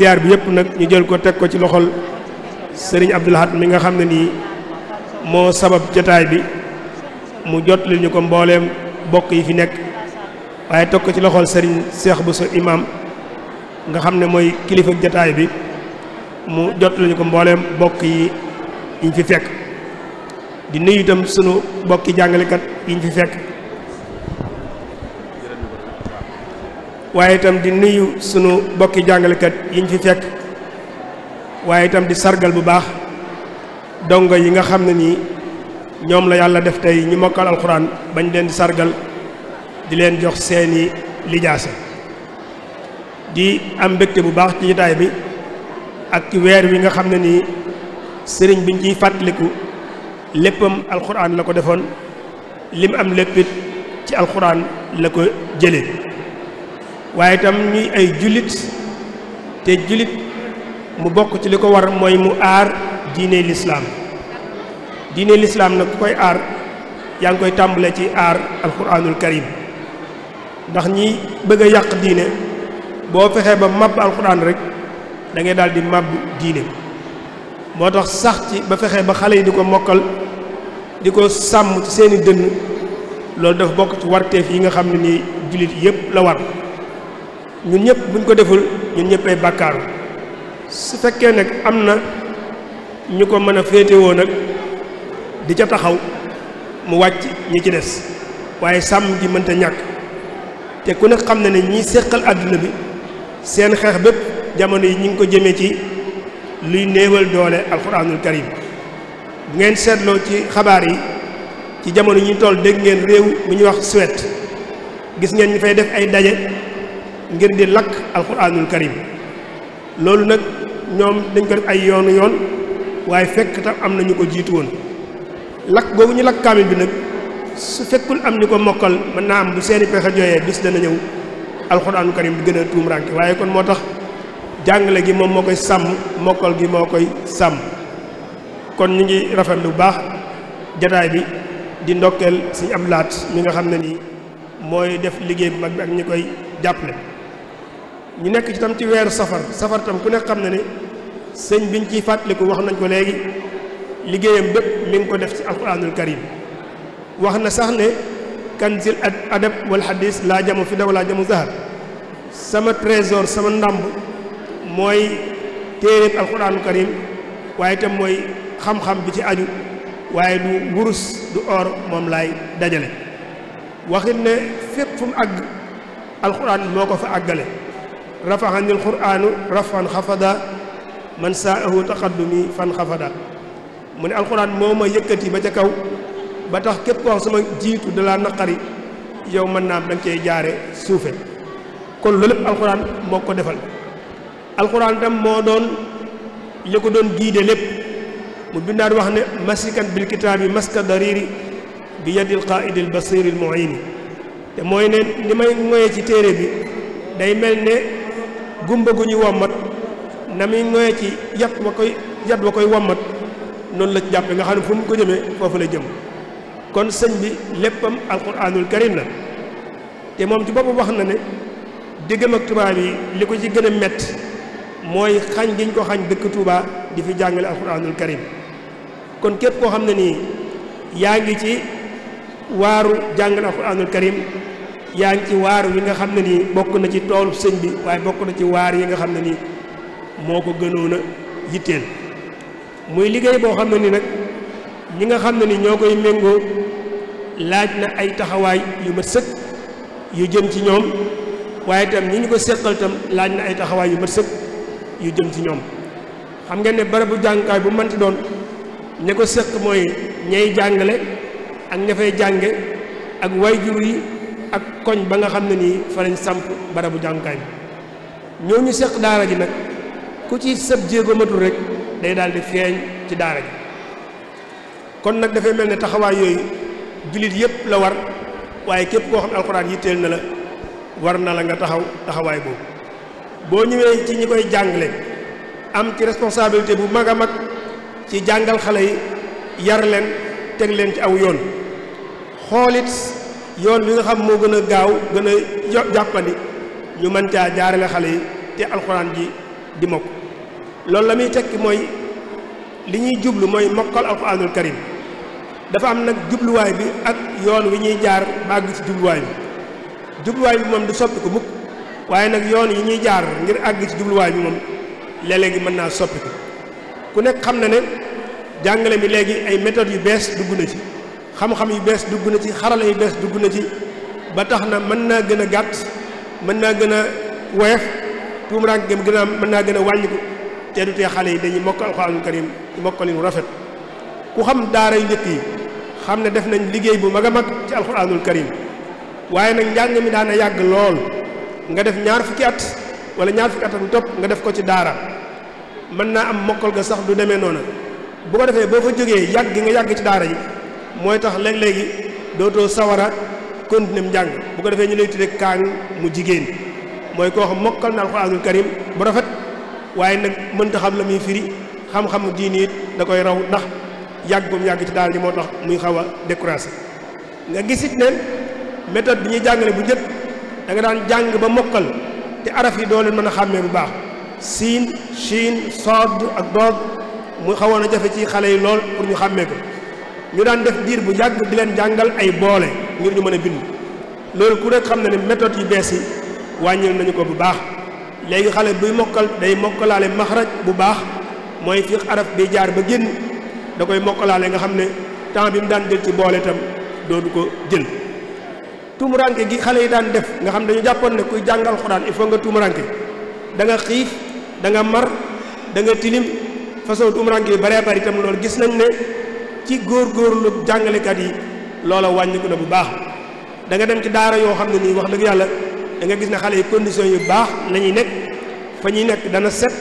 siyaar bi yëpp nag ñu jël ko teg ko ci loxol sëriñ Abdou Lahad mi nga xam ne nii moo sabab jataay bi mu jot lañu ko mbooleem bokk yi fi nekk waaye teg ko ci loxol sëriñ Cheikh Bousso imam nga xam ne mooy kilifa jataay bi mu jot li ko mbooleem bokk yi ñu fi fekk di nuyu tam sunu bokki jàngalekat yi ñu fi fekk waaye itam di nuyu sunu bokki jàngalekat yiñ fi fekk waaye itam di sargal bu baax dongo yi nga xam ne nii ñoom la yàlla def tey ñu mokkal alxuraan bañ leen di sargal di leen jox seeni lijaasa di am mbégte bu baax ci jotaay bi ak weer wi nga xam ne nii sëriñ biñ ciy fàttaliku léppam alxuraan la ko defoon lim am léppit ci alxuraan la ko jëlee waaye itam ñuy ay jullit te jullit mu bokk ci li ko war mooy mu aar diine lislaam diine lislaam nag ku koy aar yaa ngi koy tàmbalee ci aar alquranul karim ndax ñi bëgg a yàq diine boo fexee ba màbb alquran rek dangay ngay daal di màbb diine moo tax sax ci ba fexee ba xale yi di ko mokkal di ko sàmm ci seeni dënn loolu dafa bokk ci warteef yi nga xam ne nii jullit yépp la war ñun ñëpp buñ ko deful ñun ñëpp ay bàkkaaru su fekkee nag am na ñu ko mën a féetewoo nag di ca taxaw mu wàcc ñi ci des waaye sàmm ji mënta ñàkk te ku ne xam na ne ñiy séqal àdduna bi seen xeex bépp jamono yi ñu ngi ko jëmee ci luy néewal doole alxuraanul karim bu ngeen seetloo ci xabaar yi ci jamono yi ñu toll dégg ngeen réew mi ñuy wax Suède gis ngeen ñu fay def ay daje ngir di lakk alquranul karim loolu nag ñoom dañ ko def ay yoonu yoon waaye fekk tam am na ñu ko jiitu woon lakk googu ñu lakk kaamil bi nag su fekkul am ñu ko mokkal mën naa am bu seeni pexe jooyee bis dana ñëw alxuraanu karim bi gën a tuum ranke waaye kon moo tax jàngale gi moom moo koy sàmm mokkal gi moo koy sàmm kon ñu ngi rafet lu baax jataay bi di ndokkeel suñu ablaat mi nga xam ne nii mooy def liggéey bu mag bi ak ñu koy jàppale ñu nekk ci tam ci weeru safar safar tam ku ne xam na ne sëñ biñ ciy fàttaliku wax nañ ko léegi liggéeyam bépp mi ngi ko def ci alquranul karim wax na sax ne kanzil adab wal hadis laa jamo fi daw laa jamu zahab sama trésor sama ndàmb mooy téeréb alquranul karim waaye itam mooy xam-xam bi ci aju waaye du wurus du or moom laay dajale waxit ne fépp fu mu àgg alquran moo ko fa àggale rafaxani alquranu rafan xafada man saahu taqaddumi fan xafada mu ne alquran moo ma yëkkati ba ca kaw ba tax képp koo sama jiitu da laa naqari yow man naa da nga cey jaare suufe kon loolu lépp alquran moo ko defal alquran itam moo doon li ko doon giide lépp mu bindaat wax ne masikan bil kitaabi maska dariri bi yadil qaidil basiril muini te mooy ne ni may moyee ci téere bi day mel ne gumba gu ñu wommat na muy ŋoye ci yat wa koy yat wa koy wommat noonu la ci jàppe nga xam ne fu mu ko jëmee foofu lay jëm kon sëñ bi léppam alquranul karim la te moom ci boppam wax na ne diggam ak tubaab yi li ko ci gën a mett mooy xañ giñ ko xañ dëkk Touba di fi jàngale alquranul karim kon képp koo xam ne nii yaa ngi ci waaru jàngale alquranul karim yaa ngi ci waar yi nga xam ne nii bokk na ci toolu sëñ bi waaye bokk na ci waar yi nga xam ne ni moo ko gënoon a yitteel muy liggéey boo xam ne ni nag ñi nga xam ne ni ñoo koy méngoo laaj na ay taxawaay yu mat sëkk yu jëm ci ñoom waaye itam ñi ko seqal itam laaj na ay taxawaay yu mat sëkk yu jëm ci ñoom xam ngeen ne barabu jàngukaay bu mënti doon ña ko sëq mooy ñay jàngale ak ña fay jànge ak wayjur yi ak koñ ba nga xam ne nii fa samp barabu jàngukaay bi ñoo ñu seq daara ji nag ku ci sëb jéego matul rek day daal di feeñ ci daara ji kon nag dafay mel ne taxawaay yooyu jullit yépp la war waaye képp koo xam ne alxuraan yitteel na la war na la nga taxaw taxawaay boobu boo ñëwee ci ñi koy jàngale am ci responsabilité bu mag a mag ci jàngal xale yi yar leen teg leen ci aw yoon xoolit yoon wi nga xam moo gën a gaaw gën a jàppandi ñu mën caa jaarale xale yi te alxuraan ji di mokk loolu la muy tekki mooy li ñuy jublu mooy mokkal alxuraanul karim dafa am nag jubluwaay bi ak yoon wi ñuy jaar àgg ci jubluwaay bi jubluwaay bi moom du soppi ko mukk waaye nag yoon yi ñuy jaar ngir àgg ci jubluwaay bi moom léeg-léegi mën naa soppi ko ku nekk xam na ne jàngale mi léegi ay méthodes yu bees dugg na ci xam-xam yu bees dugg na ci xarala yu bees dugg na ci ba tax na mën naa gën a gàtt mën naa gën a woyof tuumuraank gëm gën a mën naa gën a wàññiku te du tee xale yi dañuy mokk yi karim mokkalinu rafet ku xam daara yu njëkk yi xam ne def nañ liggéey bu mag a mag ci alxuraanul karim waaye nag njàng mi daana yàgg lool nga def ñaar fukki at wala ñaar fukki at ak topp nga def ko ci daara mën naa am mokkal ga sax du demee noona boo ko defee boo fa jógee yàgg nga yàgg ci daara yi mooy tax léeg-léegi dootoo sawara continuer njàng bu ko defee ñu lay tudde kaang mu jigéen mooy koo xam mokkal na alxuraanul karim bu rafet waaye nag mënta xam la muy firi xam-xam diini it da koy raw ndax yàgg boobu yàgg ci daal di moo tax muy xaw a découragé nga gisit ne méthode bi ñuy jàngale bu njëkk danga daan jàng ba mokkal te araf yi doo leen mën a xàmmee bu baax siin siin sood ak doog mu xawoon a jafe ci xale yi lool pour ñu xàmmee ko ñu daan def diir bu yàgg di leen jàngal ay boole ngir ñu mën a bind loolu ku rek xam ne ne méthode yi bees yi wàññil nañu ko bu baax léegi xale buy mokkal day mokkalaale maxraj bu baax mooy fiix araf bi jaar ba génn da koy mokkalaale nga xam ne temps bi mu daan jël ci boole itam dootu ko jën tumuranke gi xale yi daan def nga xam dañu jàppoon ne kuy jàngal xuraan il faut nga tumuranke danga nga xiif da nga mar da nga tilim façon tumuranke yu baree bari itam loolu gis nañ ne ci góorgóorlu jàngalekat yi loola wàññiku na bu baax danga dem ci daara yoo xam ne nii wax dëgg yàlla danga gis ne xale yi condition yu baax la ñuy nekk fa ñuy nekk dana set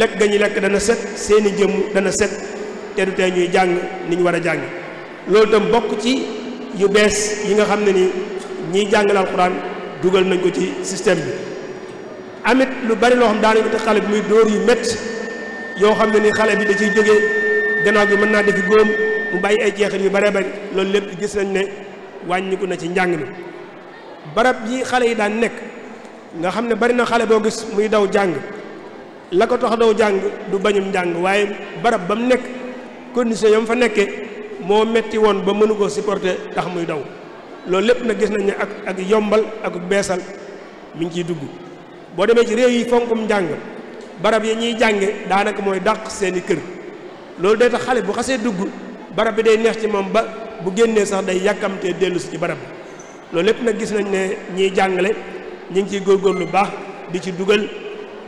lekk ga ñuy lekk dana set seeni jëmm dana set te du tee ñuy jàng ni war a jàng loolu itam bokk ci yu bees yi nga xam ne ni ñiy jàngale alxuraan dugal nañ ko ci système bi amit lu bari loo xam daanañ ko te xale bi muy dóor yu mett yoo xam ne ni xale bi da ciy gannaaw gi mën naa defi góom mu bàyyi ay jeexal yu bare bari loolu lépp gis nañ ne wàññiku na ci njàng mi barab yi xale yi daan nekk nga xam ne bari na xale boo gis muy daw jàng la ko tax daw jàng du bañum njàng waaye barab ba mu nekk condition yam fa nekkee moo metti woon ba mënu ko supporter tax muy daw loolu lépp nag gis nañ ne ak ak yombal ak beesal mu ngi ciy dugg boo demee ci réew yi fonkum njàng barab yi ñuy jànge daanaka mooy dàq seeni kër loolu day tax xale bu xasee dugg barab bi day neex ci moom ba bu génnee sax day yàkkamtee dellu si ci barab bi loolu lépp nag gis nañ ne ñiy jàngale ñi ngi ciy góor lu baax di ci dugal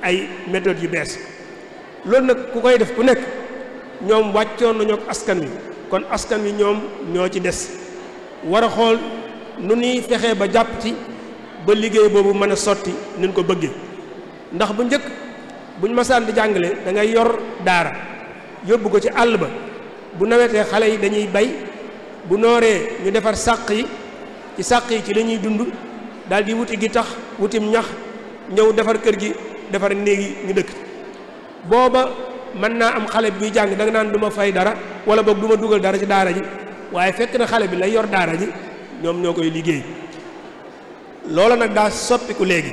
ay méthodes yu bees loolu nag ku koy def ku nekk ñoom wàccoon nañu askan wi kon askan wi ñoom ñoo ci des war a xool nu ñuy fexe ba jàpp ci ba liggéey boobu mën a sotti ni ko bëggee ndax bu njëkk buñ masaan di jàngale dangay yor daara yóbbu ko ci àll ba bu nawetee xale yi dañuy bay bu nooree ñu defar sàq yi ci sàq yi ci lañuy dund daal di wuti gi tax wutim ñax ñëw defar kër gi defar néegi ñu dëkk booba mën naa am xale bi buy jàng danga nga naan du ma fay dara wala boog du ma dugal dara ci daara ji waaye fekk na xale bi lay yor daara ji ñoom ñoo koy liggéey loola nag daa soppiku léegi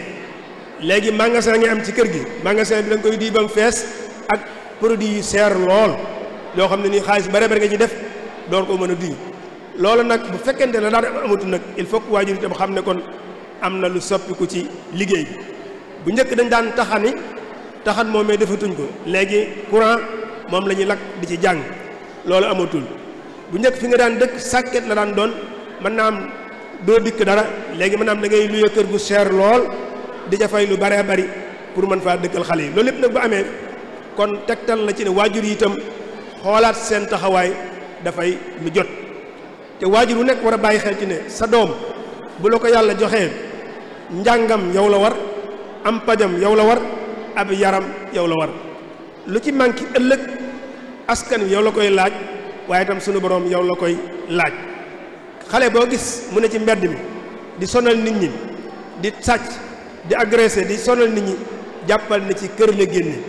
léegi magasin nga am ci kër gi magasin bi da nga koy di fees ak produit yu seer lool yoo xam ne nii xaalis bare bare nga ci def door ko mën a duy loolu nag bu fekkente ne daal amatu nag il faut que waajur itam xam ne kon am na lu soppiku ci liggéey bi bu njëkk dañ daan taxani taxan moomee defatuñ ko léegi courant moom la ñuy lakk di ci jàng loolu amatul bu njëkk fi nga daan dëkk sàkket la daan doon mën naa am doo dikk dara léegi mën naa am da ngay luye kër gu cher lool di ca fay lu baree bari pour mën faa dëkkal xale yi loolu lépp nag bu amee kon tegtal la ci ne waajur yi xoolaat seen taxawaay dafay lu jot te waajur wu nekk war a bàyyi xel ci ne sa doom bu la ko yàlla joxee njàngam yow la war am pajam yow la war ab yaram yow la war lu ci manqué ëllëg askan yow la koy laaj waaye itam sunu boroom yow la koy laaj xale boo gis mu ne ci mbedd mi di sonal nit ñi di sàcc di agressé di sonal nit ñi jàppal na ci kër la génne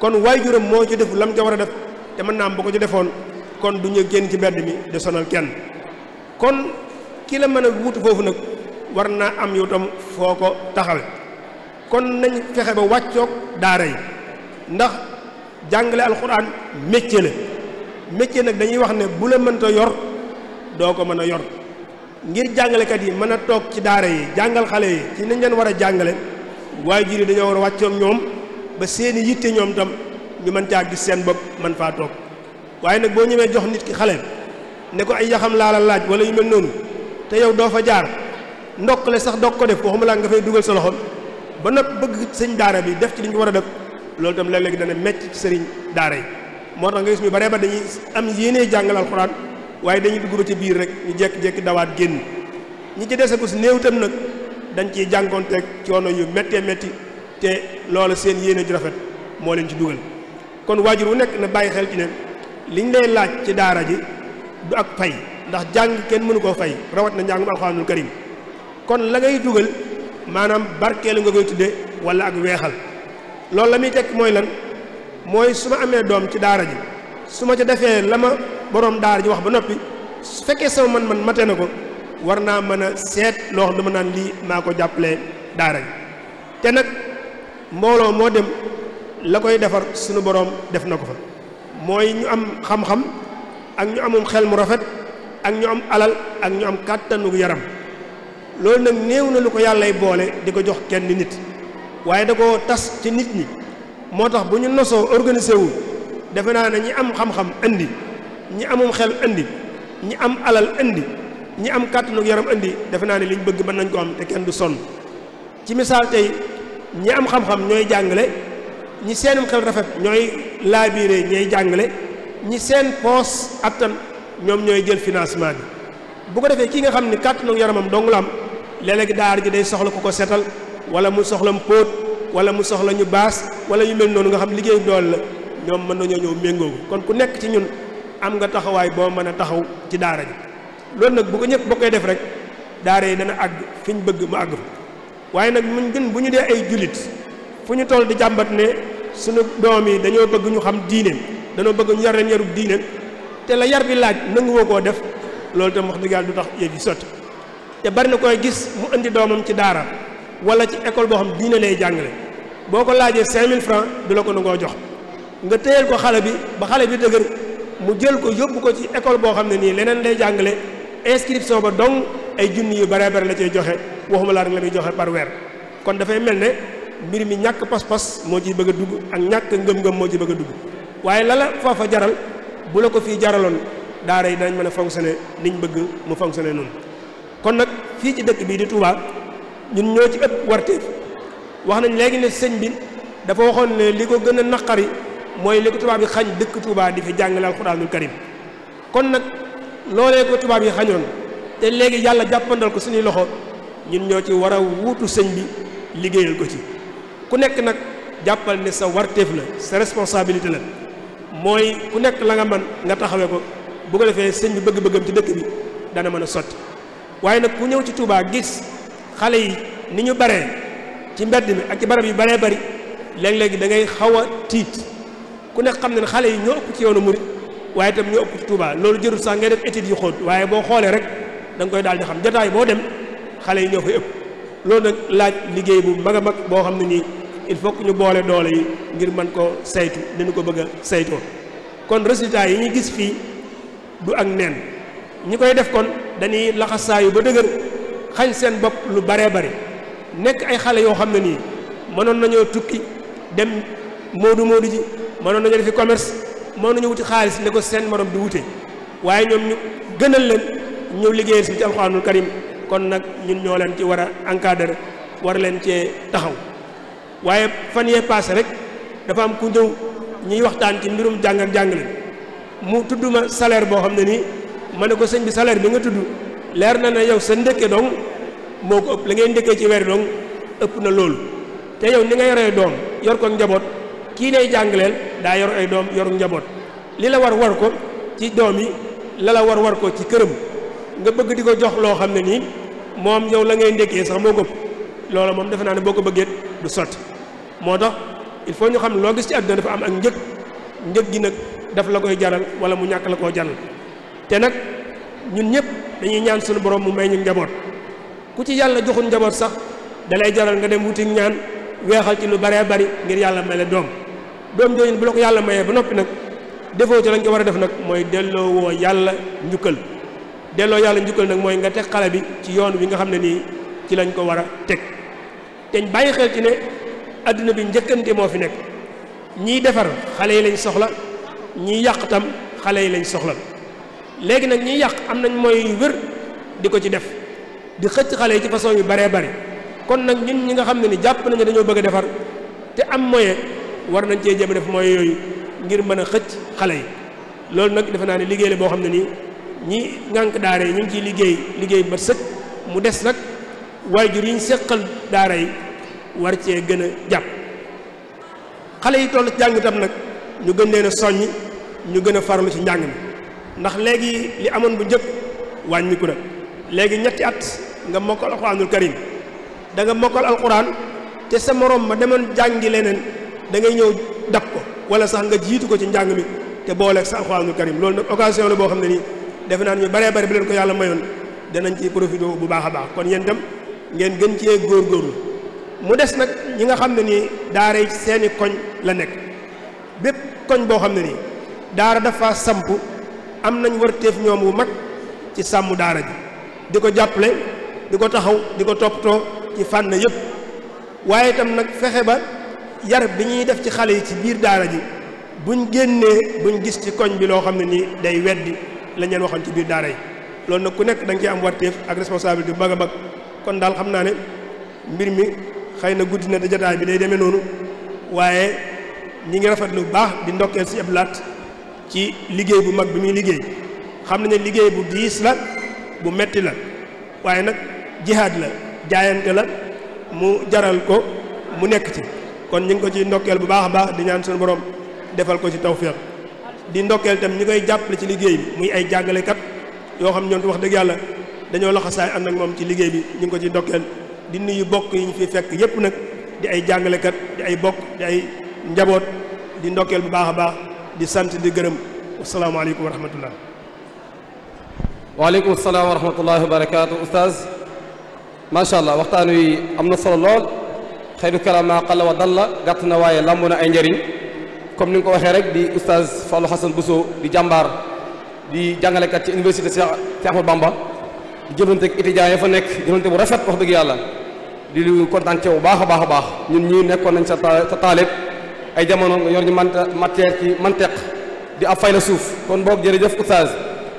kon waajuram moo ci def lam ca war a def te mën naa am bu ko ci defoon kon du ñu génn ci mbedd mi di sonal kenn kon ki la mën a wuutu foofu nag war naa am yow tam foo ko taxawe kon nañ fexe ba wàccoog daara yi ndax jàngale alxuraan métier la métier nag dañuy wax ne bu la mënta yor doo ko mën a yor ngir jàngalekat yi mën a toog ci daara yi jàngal xale yi ci nañ leen war a jàngale waajur yi dañoo war a wàccoog ñoom ba seeni yitte ñoom tam ñu mën caa gis seen bopp mën faa toog waaye nag boo ñëwee jox nit ki xale ne ko ay yaxam laa la laaj wala yu mel noonu te yow doo fa jaar ndokkale sax dog ko def waxuma laa nga fay dugal sa loxo ba nag bëgg sëñ daara bi def ci li ñu war a def loolu itam léeg-léeg dana metti ci sëriñ daara yi moo tax nga gis ñu bare ba dañuy am yéene jàngal alxuraan waaye dañu dugg ba ci biir rek ñu jékki-jékki dawaat génn ñi ci dese ko si néew itam nag dañ ciy jànkoonteeg coono yu méttee métti te loolu seen yéene ju rafet moo leen ci dugal kon waajur wu nekk na bàyyi xel ci li ñu lay laaj ci daara ji du ak fay ndax jàng kenn mënu koo fay rawat na njàngum alxuraanul karim kon la ngay dugal maanaam barkeelu nga koy tudde wala ak weexal loolu la muy tekk mooy lan mooy su ma amee doom ci daara ji su ma ca defee la ma boroom daara ji wax ba noppi su fekkee sama man man mate na ko war naa mën a seet loo xam ma naan lii maa ko jàppalee daara ji te nag mbooloo moo dem la koy defar suñu boroom def na ko fa mooy ñu am xam-xam ak ñu amum xel mu rafet ak ñu am alal ak ñu am kàttanu yaram loolu nag néew na lu ko yàllay boole di ko jox kenn di nit waaye da koo tas ci nit ñi moo tax bu ñu nosoo organisé wu defe naa ne ñi am xam-xam indi ñi amum xel indi ñi am alal indi ñi am kàttanu yaram indi defe naa ne liñ bëgg mën nañ ko am te kenn du sonn ci misaal tey ñi am xam-xam ñooy jàngale. ñi seenum xel rafet ñooy laabiire ñooy jàngale ñi seen poos attan ñoom ñooy jël financement bi bu ko defee kii nga xam ne kàttanu yaramam dong la am léeg-léeg daara ji day soxla ku ko setal wala mu soxla mu póot wala mu soxla ñu baas wala ñu mel noonu nga xam liggéey dool la ñoom mën nañoo ñëw méngoogu kon ku nekk ci ñun am nga taxawaay boo mën a taxaw ci daara ji loolu nag bu ko ñëpp koy def rek daara yi dana àgg fi ñu bëgg mu àgg fa waaye nag suñu doom yi dañoo bëgg ñu xam diine dañoo bëgg ñu yar leen yarub diine te la yar bi laaj nanguwoo koo def loolu tam wax dëgg yàlla du tax yëf yi sot te bari na koy gis mu indi doomam ci daara wala ci école boo xam diine lay jàngale boo ko laajee 5000 francs du la ko nangoo jox nga téyel ko xale bi ba xale bi dëgër mu jël ko yóbbu ko ci école boo xam ne nii leneen lay jàngale inscription ba dong ay junni yu bare bare la cay joxe waxuma laa rek la muy joxe par weer kon mbir mi ñàkk pas-pas moo ci bëgg a dugg ak ñàkk ngëm-ngëm moo ci bëgg a dugg waaye la la foofa jaral bu la ko fii jaraloon daara yi dañ mën a fonctionner niñ bëgg mu fonctionner noonu kon nag fii ci dëkk bii di Touba ñun ñoo ci ëpp warteef wax nañ léegi ne sëñ bi dafa waxoon ne li ko gën a naqari mooy li ko tubaab yi xañ dëkk Touba di fi jàngale alxuraanul karim kon nag loolee ko tubaab yi xañoon te léegi yàlla jàppandal ko suñuy loxo ñun ñoo ci war a wuutu sëñ bi liggéeyal ko ci ku nekk nag jàppal ne sa warteef la sa responsabilité la mooy ku nekk la nga man nga taxawee ko bu ko defee sëñ bi bëgg-bëggam ci dëkk bi dana mën a sotti waaye nag ku ñëw ci Touba gis xale yi ni ñu baree ci mbedd mi ak ci barab yu baree bari léeg-léegi da ngay xaw a tiit ku nekk xam ne ne xale yi ñoo ëpp ci yoonu murit waaye itam ñoo ëpp ci Touba loolu jërul sax ngay def études yu xóot waaye boo xoolee rek da koy daal di xam jataay boo dem xale yi ñoo koy ëpp loolu nag laaj liggéey bu mag a mag boo xam ne nii il faut ñu boole doole yi ngir mën ko seytu ni ñu ko bëgg seytoo kon résultat yi ñu gis fii du ak neen ñi koy def kon dañuy laxasaayu ba dëgër xañ seen bopp lu baree bari nekk ay xale yoo xam ne nii mënoon nañoo tukki dem moodu moodu ji mënoon nañoo defi commerce mënoon nañu wuti xaalis ne ko seen moroom di wute waaye ñoom ñu gënal leen ñëw liggéeyal si ci alxuraanul karim kon nag ñun ñoo leen ci war a encadrer war leen cee taxaw waaye fan yee passé rek dafa am ku ñëw ñuy waxtaan ci mbirum jàng ak jàngale mu tudd ma salaire boo xam ne nii ma ne ko sëñ bi salaire bi nga tudd leer na ne yow sa ndëkke dong moo ko ëpp la ngay ndëkkee ci weer dong ëpp na loolu te yow ni nga yoree doom yor ko njaboot kii lay jàngaleel daa yor ay doom yoru njaboot li la war war ko ci doom yi la la war war ko ci këram nga bëgg di ko jox loo xam ne nii moom yow la ngay ndékkee sax moo gëpp loola moom defe naa ne boo ko bëggee du sotti moo tax il faut ñu xam loo gis ci àdduna dafa am ak njëg njëg gi nag daf la koy jaral wala mu ñàkk la koo jaral te nag ñun ñëpp dañuy ñaan suñu borom mu may ñu njaboot ku ci yàlla joxul njaboot sax dalay jaral nga dem wuti ñaan weexal ci lu baree bari ngir yàlla may la doom doom jooju bu la ko yàlla mayee ba noppi nag defoo ci lañ ko war a def nag mooy delloo woo yàlla njukkal delloo yàlla njukkal nag mooy nga teg xale bi ci yoon wi nga xam ne nii ci lañ ko war a teg adduna bi njëkkante moo fi nekk ñiy defar xale yi lañ soxla ñiy yàq tam xale yi lañ soxla léegi nag ñiy yàq am nañ mooy yu wér di ko ci def di xëcc xale yi ci façon yu baree bari kon nag ñun ñi nga xam ne ni jàpp nañu dañoo bëgg a defar te am moyen war nañ cee jéem a def moyen yooyu ngir mën a xëcc xale yi loolu nag defe naa ne liggéey la boo xam ne nii ñi ngànk daara yi ñu ngi ciy liggéey liggéey ba sëkk mu des nag waajur yi ñu seqal daara yi war cee gën a jàpp xale yi toll ci jàng itam nag ñu gën leen a soññ ñu gën a farlu ci njàng mi ndax léegi li amoon bu njëkk wàññiku na léegi ñetti at nga mokkal alxuraanul karim da nga mokkal alxuraan te sa morom ma demoon jàngi leneen da ngay ñëw dab ko wala sax nga jiitu ko ci njàng mi te booleeg sa alxuraanul karim loolu nag occasion la boo xam ne nii defe naa ñu baree bari bi leen ko yàlla mayoon danañ ci profité bu baax a baax kon yéen itam ngeen gën cee góorgóorlu mu des nag ñi nga xam ne ni daara yi seeni koñ la nekk bépp koñ boo xam ne nii daara dafa samp am nañ warteef ñoom wu mag ci sàmm daara ji di ko jàppale di ko taxaw di ko toppatoo ci fànn yëpp waaye itam nag fexe ba yar bi ñuy def ci xale yi ci biir daara ji buñ génnee buñ gis ci koñ bi loo xam ne nii day weddi lañ leen waxoon ci biir daara yi loolu nag ku nekk da nga am warteef ak responsabilité bu mag a mag kon daal xam naa ne mbir mi xëy na guddi na da jotaay bi day demee noonu waaye ñi ngi rafet lu baax di ndokkeel si ablaat ci liggéey bu mag bi muy liggéey xam nañ ne liggéey bu diis la bu metti la waaye nag jihaad la jaayante la mu jaral ko mu nekk ci kon ñu ngi ko ci ndokkeel bu baax baax di ñaan suñu borom defal ko ci tawféex di ndokkeel itam ñi koy jàppale ci liggéey bi muy ay jàngalekat yoo xam ñoom wax dëgg yàlla dañoo laxasaay ànd ak moom ci liggéey bi ñu ngi ko ci ndokkeel di nuyu bokk yi ñu fi fekk yépp nag di ay jàngalekat di ay bokk di ay njaboot di ndokkeel bu baax a baax di sant di gërëm asalaamaaleykum wa rahmatullah waaleykum salaam wa rahmatullahi wa barakaatu oustaz allah waxtaan wi am na solo lool xeyru kalama qalla wa dalla gàtt na waaye lamb na ay njariñ comme ni nga ko waxee rek di oustaz Fallou Hassane Bousso di jàmbaar di jàngalekat ci université Cheikh Ahmadou Bamba di jëfante ak étudiants ya fa nekk jëfante bu rafet wax dëgg yàlla di lu kontaan ci bu baax a baax a baax ñun ñii nekkoon nañ sa sa taalib ay jamono nga yor ñu man matière ci manteq di ab fay la suuf kon boog jërëjëf oustaz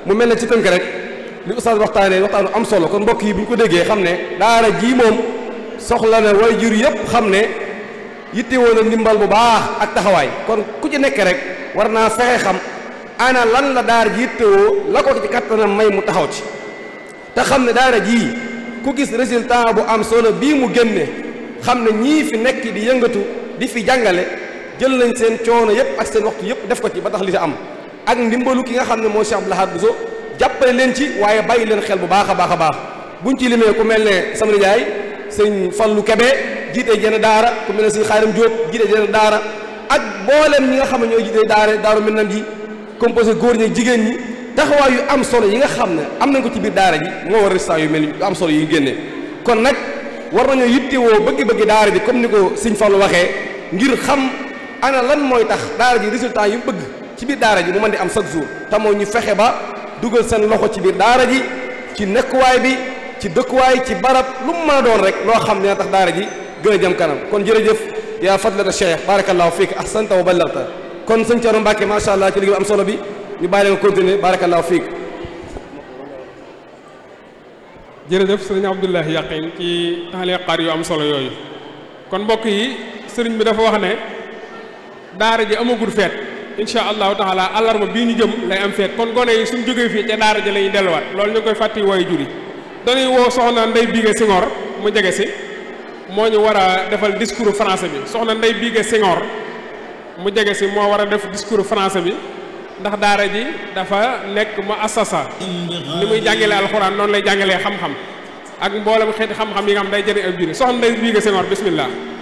mu mel ne ci tënk rek li oustaz waxtaanee waxtaanu am solo kon mbokk yi bu ñu ko déggee xam ne daara jii moom soxla na way jur yëpp xam ne woo na ndimbal bu baax ak taxawaay kon ku ci nekk rek war naa fexe xam ana lan la daara ji yittewoo la ko ci kattanam may mu taxaw ci te xam ne ku gis résultat bu am solo bii mu génne xam ne ñii fi nekk di yëngatu di fi jàngale jël nañ seen coono yépp ak seen waxtu yépp def ko ci ba tax li si am ak ndimbalu ki nga xam ne mooy Cheikh Abdou Lahad Bousso jàppale leen ci waaye bàyyi leen xel bu baax a baax a baax buñ ci limee ku mel ne sama nijaay sëñ Fallu Kebe jiite jenn daara ku mel ne sëñ Xaarim Diop jiite jenn daara ak mboolem ñi nga xam ne ñoo jiite daara daaru mel nam ji composé góor ñi taxawaay yu am solo yi nga xam ne am nañ ko ci biir daara ji moo war résultat yu mel yu am solo yu génne kon nag war nañoo yittewoo bëgg-bëgg daara ji comme ni ko Sëñ Fallu waxee ngir xam ana lan mooy tax daara ji résultat yu bëgg ci biir daara ji mu man di am sag jour te moo ñu fexe ba dugal seen loxo ci biir daara ji ci nekkuwaay bi ci dëkkuwaay ci barab lu mu mën a doon rek loo xam ne tax daara ji gën a jëm kanam kon jërëjëf yaa fadlata cheikh barakallahu fiik ahsanta wa ballagta kon sëñ Thierno Mbacke macha allah ci am solo bi ñu bàyyi leen continuer barakallahu fiik jërëjëf sëriñ Abdoulaye Yakhine ci taxaleexaar yu am solo yooyu kon mbokk yi sëriñ bi dafa wax ne daara ji amagul feet incha allah taala alarma bii ñu jëm lay am feet kon gone yi suñ jógee fii ca daara ji la ñuy delluwaat loolu ñu ngi koy fàtti wooyu juri dañuy woo soxna Ndeye Bigue Senghor mu jege si moo ñu war a defal discours français bi soxna Ndeye Bigue Senghor mu jege si moo war a def discours français bi ndax daara ji dafa nekk mu assasa li muy jàngalee alxuraan noonu lay jàngalee xam-xam ak mboolem xeeti xam-xam yi nga xam day jëriñ ak biir soxna day riiga Senghor bismillah